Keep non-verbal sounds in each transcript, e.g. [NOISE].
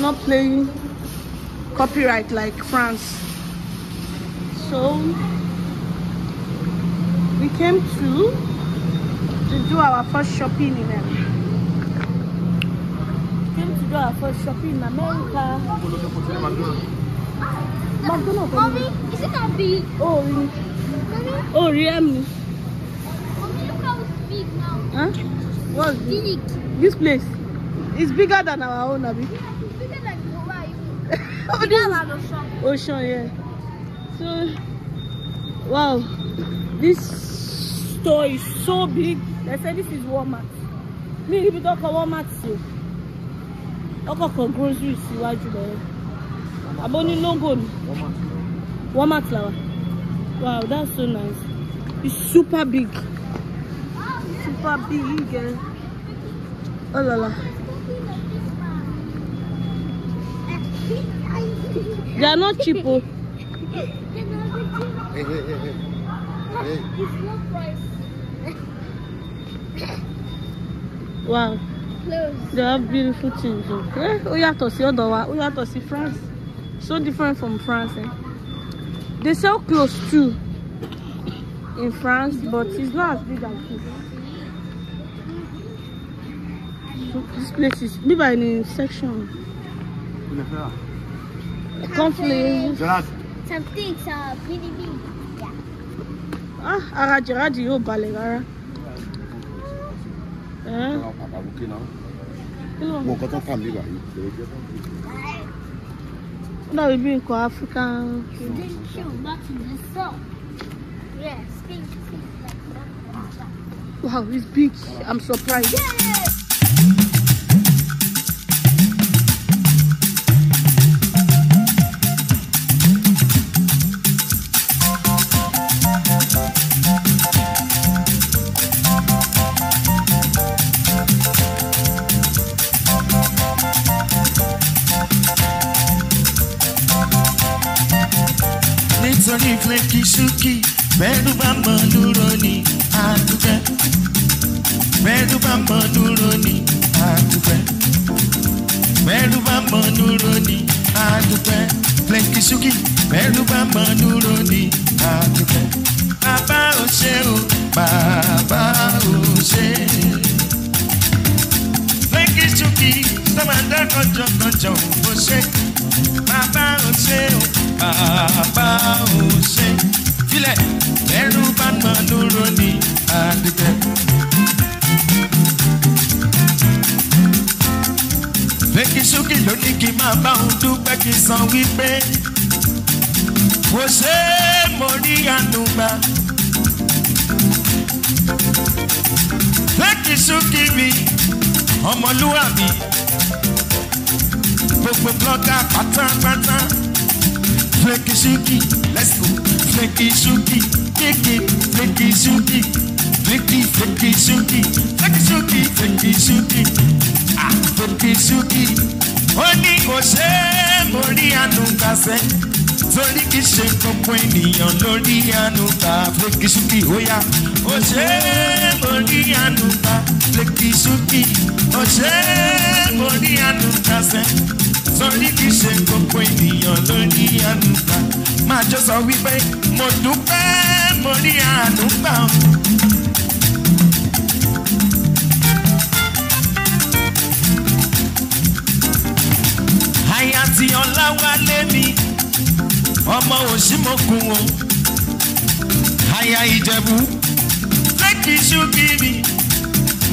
not playing copyright like France. So we came to to do our first shopping in America. came to do our first shopping in America. McDonald's. Mommy, is it not big? Oh, Mommy? Oh, really? Mommy, look how it's big now. Huh? What's big? This place is bigger than our own, Abby. Yeah. Ocean, yeah. So, wow, this store is so big. They say this is Walmart. Me, if you talk about Walmart, so ọkọ̀ kan grocery síwájú lọ́wọ́ àbọ̀ ní logo ni Walmart làwà wow that's so nice it's super big super big eh. oh la la. They are not cheap. Oh. wow. Close. They have beautiful things. We have to see other ọ̀dọ̀ wa. Ó yàtọ̀ sí France. So different from France. Eh? They sell close too in France, but it's not as big as this. So, this place is big by the section. conflict. Something uh, PDB. Ah, araji araji yóò balẹ̀ rárá. Àkàlùkì náà. Wọ́n kọ́ tó African. Wow, he's big. I'm surprised. Yeah. pẹ́kísúkì bẹ́ẹ̀dù bá mọ̀ dúró ní àdúgbẹ́ bẹ́ẹ̀dù bá mọ̀ dúró ní àdúgbẹ́ bẹ́ẹ̀dù bá mọ̀ dúró ní àdúgbẹ́ pẹ́kísúkì bẹ́ẹ̀dù bá mọ̀ dúró ní àdúgbẹ́. kànjàkànjà ò bó ṣe bàbá ò ṣe ò bàbá ò ṣe filẹ̀ ẹ̀rù bá nà lóró ní àdìgbẹ́. Bẹ́kísúkì ló ní kí n máa bá òun dúpẹ́ kí n san wípé mo ṣe mo rí àánú gbà. Bẹ́kísúkì mi ọmọlúwàbí gbogbo blọ́dà pátápátá. Flaky Suki, let's go. Flaky Suki, kéèké Flaky Suki. Flaky Flaky Suki, Flaky Suki, Flaky Suki. Ah, Flaky Suki. Ó ní se. ṣe é mo rí ànúgbàsẹ́. Torí kì í ṣe gbogbo ènìyàn lórí ànúgbà. Flaky Suki, ó yá. Ó ṣe é mo Suki, ó ṣe é mo sọrí kì í ṣe gbogbo ènìyàn ló ní àánú gbà máa jọ sọ wípé mo dúpẹ́ mo ní àánú àyà tí Ọláwálé mi ọmọ òṣìmọ̀kùn o àyà Ìjẹ̀bú lẹ́kìí ṣú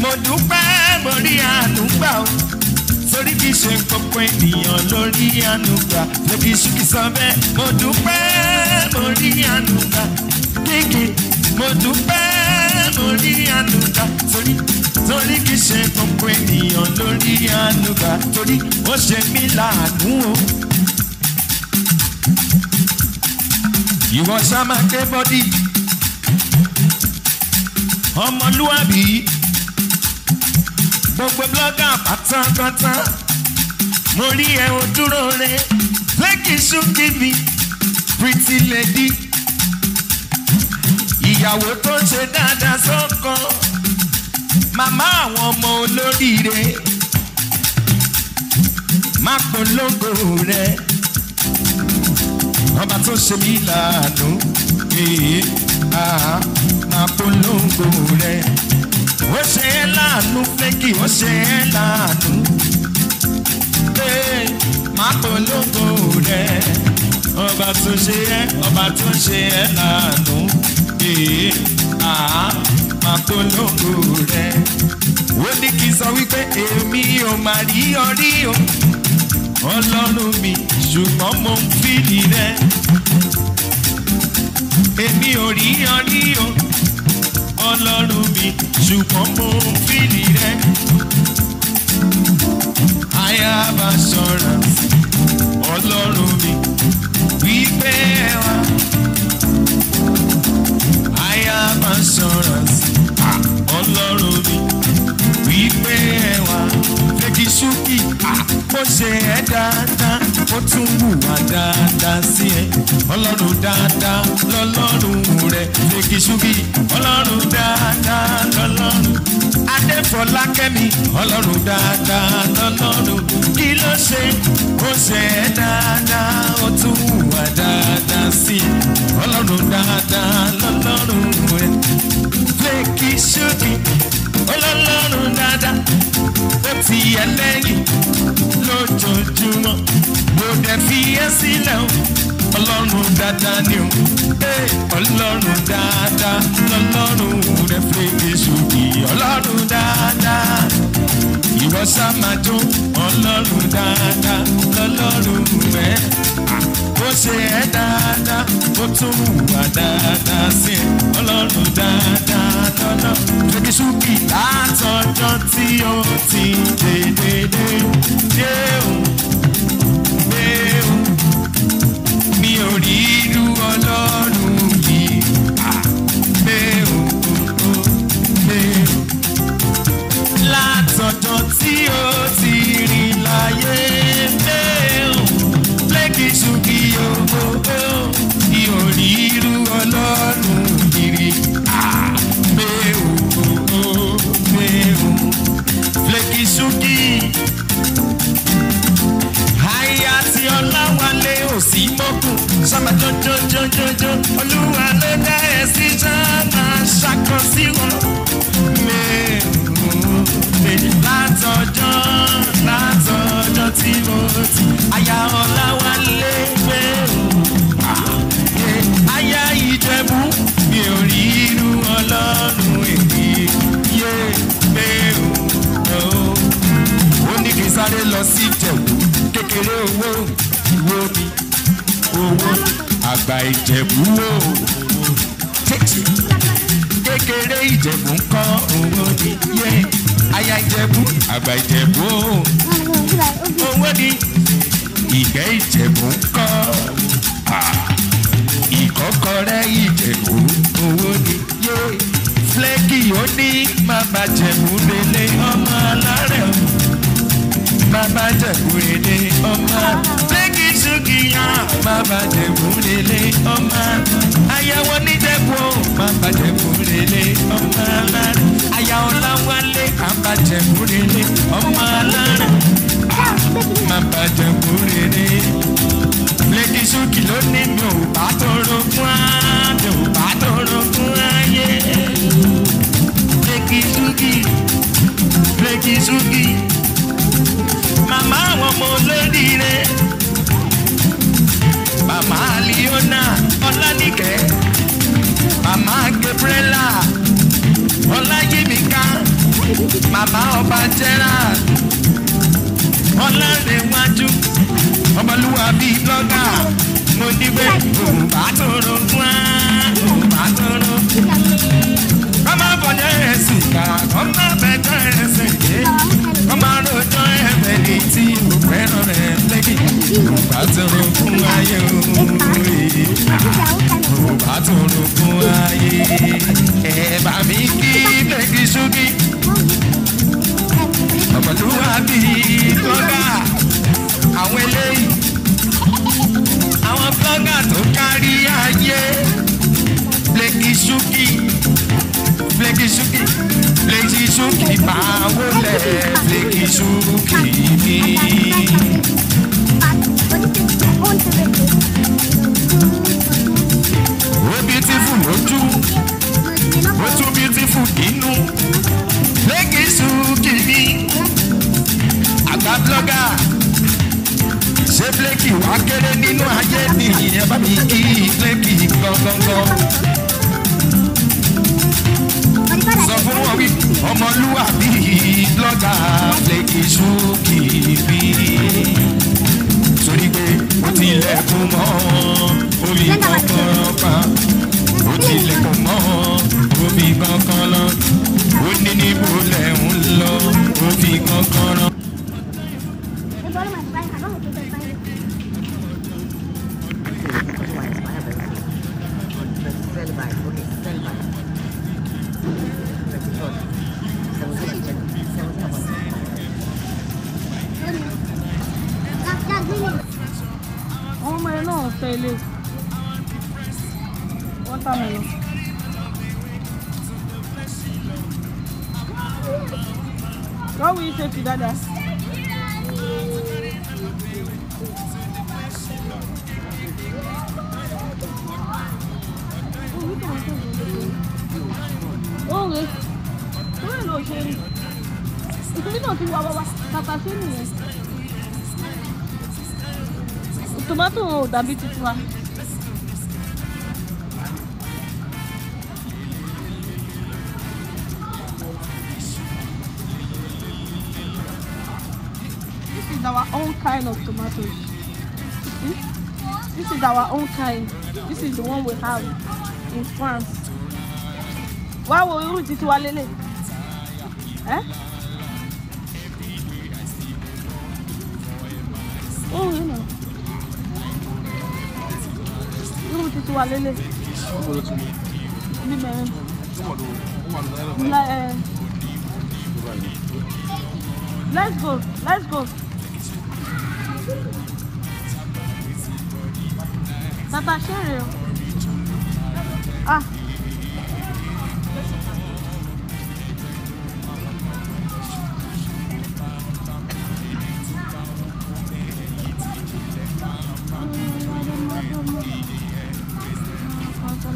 mo dúpẹ́ mo ní àánú o torí kì í ṣe kọ̀ọ̀kan ènìyàn lórí ànúgbà lẹ́bí ṣúkì sọ bẹ́ẹ̀ mo dúpẹ́ mo rí ànúgbà kéèké mo dúpẹ́ mo rí ànúgbà torí torí kì í ṣe kọ̀ọ̀kan ènìyàn lórí ànúgbà torí ó ṣe mí láàánú o. ìwọ ṣá bọ́dí ọmọlúwàbí gbogbo blọga pátákátá mo rí ẹ o dúró re lẹ́kì ṣúkì mi pretty lady ìyàwó tó ṣe dáadáa sọ́kọ màmá àwọn ọmọ olóríire má polongo rẹ ọba tó ṣe mí làánú èé eh, ah, má polongo rẹ wọ́n ṣe é láàánú fẹ́kì wọ́n ṣe é láàánú. pé máa polongo rẹ̀ ọba tó ṣe é ọba tó ṣe é láàánú. èé àá máa polongo rẹ̀. wọ́n ní kí n sọ wípé èmi ò máa rí ọ o ọlọ́run mi ṣùgbọ́n mo ń fìlì rẹ̀ èmi ò rí ọ o ọlọ́run mi ṣùgbọ́n mo ń fìlì rẹ. ayaba ṣọ́ra ọlọ́run mi wípé ẹ wá. ayaba ṣọ́ra ọlọ́run mi wípé ẹ wá. fẹ́kí ṣúkì kó ṣe ẹ́ dáadáa ó tún hùwà dáadáa sí ẹ ọlọ́run dáadáa lọ́lọ́run rẹ ṣégiṣúgi ọlọ́run dáadáa lọ́lọ́run adéfọlákẹ́mi ọlọ́run dáadáa lọ́lọ́run kí ló ṣe ó ṣe ẹ́ dáadáa ó tún hùwà dáadáa sí ẹ ọlọ́run dáadáa lọ́lọ́run rẹ ṣégiṣúgi ọlọ́run dáadáa ó ti ẹ lẹ́yìn lójoojúmọ́ mo dẹ̀ fi ẹ́ sílẹ̀ o ọlọ́run dáadáa ni o ọlọ́run dáadáa lọ́lọ́run rẹ̀ fèrè sókè ọlọ́run dáadáa ìwọ sá máa dún ọlọ́run dáadáa lọ́lọ́run rẹ̀ ó ṣe ẹ́ dáadáa ó tún wà dáadáa sí ẹ ọlọ́run dáadáa lọ́lọ́ lókè ṣúkì látọjọ́ tí ó ti dédédé dé o dé o mi ò rí irú ọlọ́run yìí. òjòjò olúwa ló dá ẹ sí tán máa ṣàkàn sí wọn. látọjọ́ látọjọ́ tí mo ti aya Ọláwálé gbé o aya Ìjẹ̀bú mi ò rí irú ọlọ́run èyí yé gbé o. ó ní kí n sáré lọ sí Ìjẹ̀bú kékeré owó ìwé mi owó mi àgbà ìjẹ̀bú o kékeré ìjẹ̀bú ń kọ́ owó ni yé aya ìjẹ̀bú àgbà ìjẹ̀bú o owó ni ìgbẹ́ ìjẹ̀bú ń kọ́ ìkọ́kọrẹ́ ìjẹ̀bú owó ni yé flẹ́kì ó ní màmá jẹ̀bú délé ọmọ alárẹ̀ o bàbá jẹ̀kúrẹ́lé ọmọ lẹ́kì ṣùkìyàn bàbá jẹ̀kúrẹ́lé ọmọ ayáwó níjẹ̀kú bàbá jẹ̀kúrẹ́lé ọmọ ayáwó láwálé bàbá jẹ̀kúrẹ́lé ọmọ alá. bàtẹ̀rù fún ayé o. akéré nínú ayé ni ẹ bá mi kí ilé kì í gangan. sọ fún wọn wí ọmọlúwàbí lọ́gà lẹ́kì ṣúkì bí. torí pé ó tilẹ̀kùn mọ́ omi kankan pa ó tilẹ̀kùn mọ́ omi kankan lọ ó ní níbo lẹ̀ ń lọ omi kankan lọ. by. Okay, 12 by. Oh, my no, stay What time is Go with it, Dada. ó re torí ló ṣe rí ìtúbí náà ti wá tomato ò dàbí tuntun wa. This is our own kind of tomato. See? Hmm? This is our own kind. This is the one we have in France wá wo irú títí wa lélẹ̀ let's go let's go. Bàbá ṣe rè o. Ah.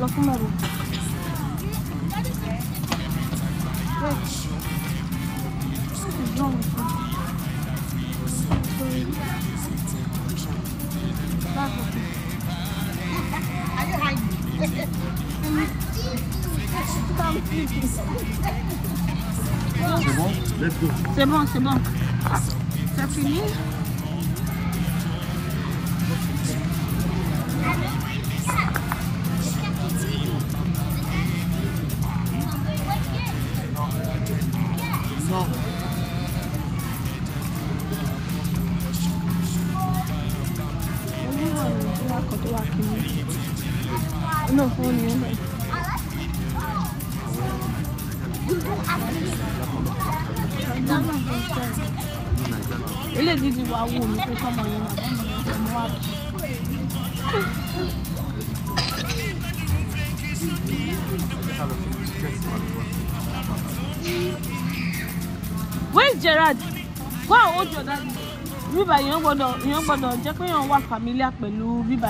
plafond marron. C'est bon, c'est bon. C'est fini の方に読め ilé gidi wa wò mí pé kọ́mọ yẹn náà bẹ́ẹ̀ ni ọmọ wa Where's Gerard? Go and hold your dad. Bíbá yẹn gbọ́dọ̀ yẹn gbọ́dọ̀ jẹ́ pé yẹn wà familiar pẹ̀lú bíbá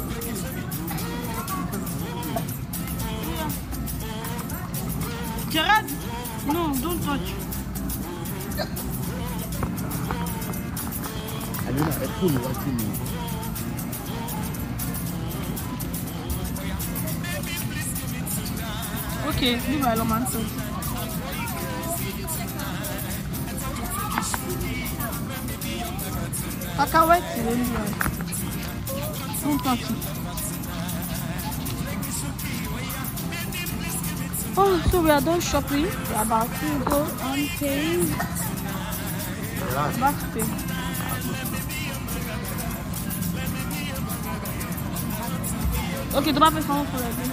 ìwà ló máa ń sọ. Kaka wẹ́ẹ̀tì ló ń Oh, so we are done shopping. We are about to go on pay. Back pay. Okay, tó bá fẹ́ sanwó fún ẹ bí.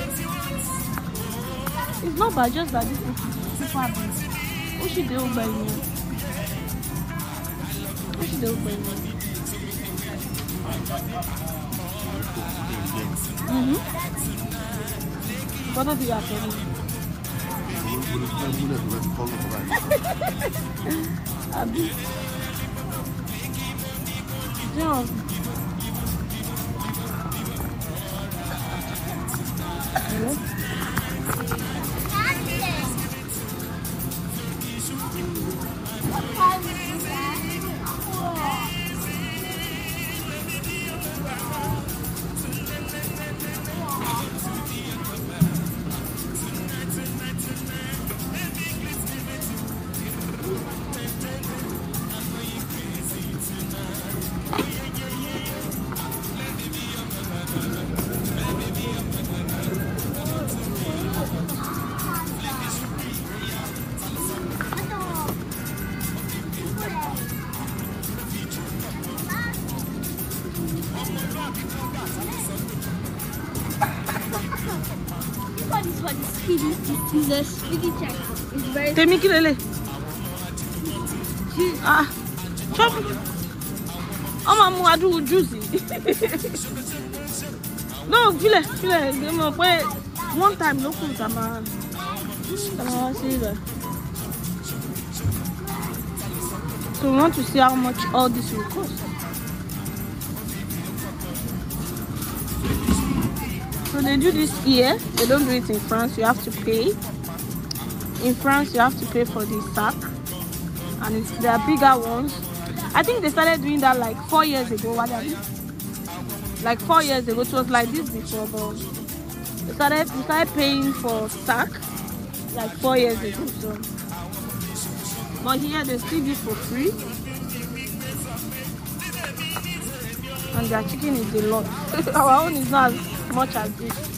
It's not bad, just that these people are bad. Who should they obey me? Who should they obey me? Mm-hmm. What [LAUGHS] are you after me? Abi. John. Hello? kí on m'a one time plus, So we want to see how much all this will cost. So they do this here. They don't do it in France. You have to pay. in france you have to pay for the sack and it's there are bigger ones i think they started doing that like four years ago what are these? like four years ago it was like this before but we started we started paying for sack like four years ago so but here they still give for free and their chicken is a lot [LAUGHS] our own is not as much as this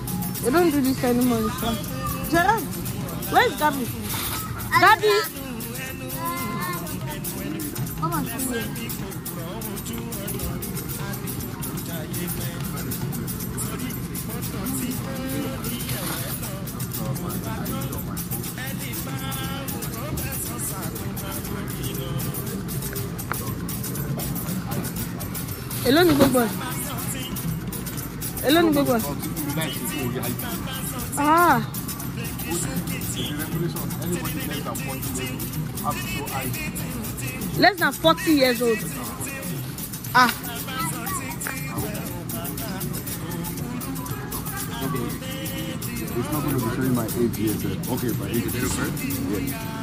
They don't do this anymore in France. Jerome, where's Gabby? Gabby! Come on, come here. Hello, Nico Boy. Hello, Nico Boy. will hype you. Ah. Less than 40 years old. Ah. Okay. It's not going to be showing my age years. Okay, my age is yeah.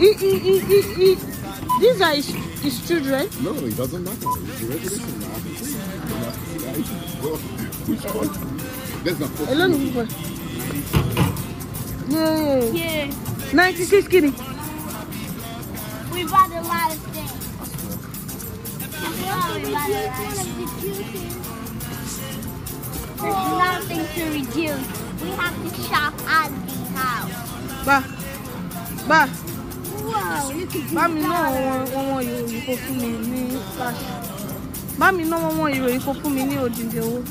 E e e e e. These are his, his children. No, it doesn't matter. It's regulation. Which one? That's not possible. Alone is one. No. Yeah. 96 kitty. We bought a lot of things. There's nothing to reduce. We have to shop at the house. Bah. Bah. Bámi náà wọ́n wọ́n ìròyìn kó fún mi ní cash. Bámi náà wọ́n wọ́n ìròyìn kó fún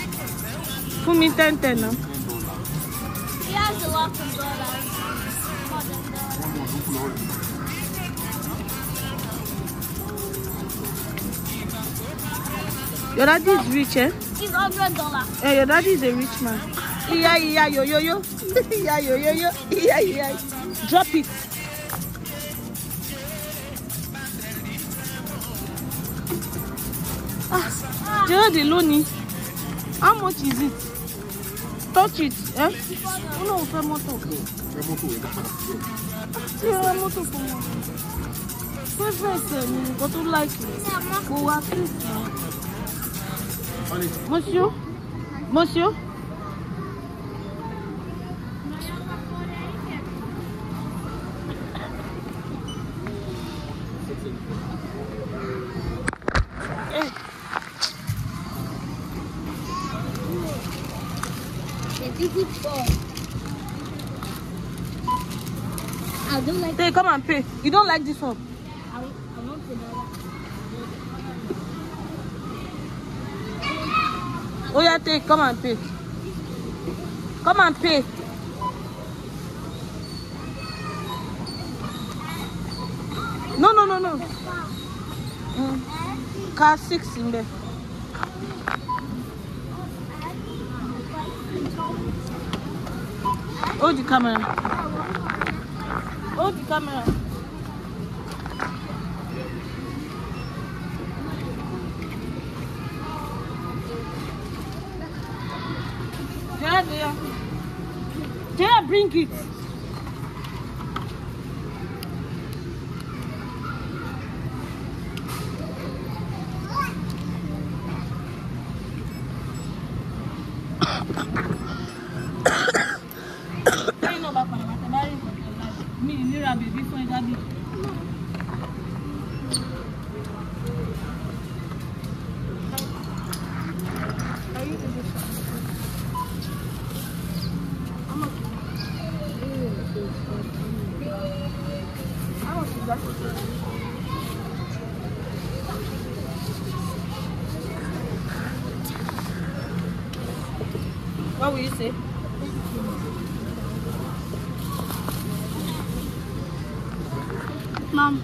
ní ten ten náà. He has a lot of dollars. Your daddy is rich, eh? He's hundred dollars. Yeah, your daddy is a rich man. Yeah, yeah, [LAUGHS] yo yo yo, iya yo yo yo, yeah, yeah. Drop it. Ah, Gerald lónìí. How much is it? tọ́kì ẹ́ ó lóun fẹ́ mọ́tò. fẹ́ mọ́tò rẹ̀ dápadà síbẹ̀. ṣé ẹ rẹ mọ́tò fún wọn. fífẹsẹ̀ mi nǹkan tó láìkì kò wá sí ìsìn. mọ́ṣíó mọ́ṣíó. don't like. Hey, come and pay. You don't like this one. I, I want to Oh yeah, take. Come and pay. Come and pay. No, no, no, no. Mm. Car six in there. Hold the camera. Hold the camera. Yeah, yeah. Yeah, bring it. What will you say? Mom.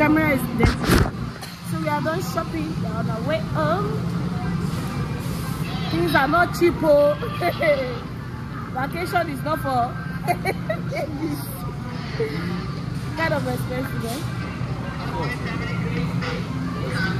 camera is dead, So we are done shopping. We are on our way home. Things are not cheap. Oh. [LAUGHS] Vacation is not for [LAUGHS] kind of expensive. Eh? Oh.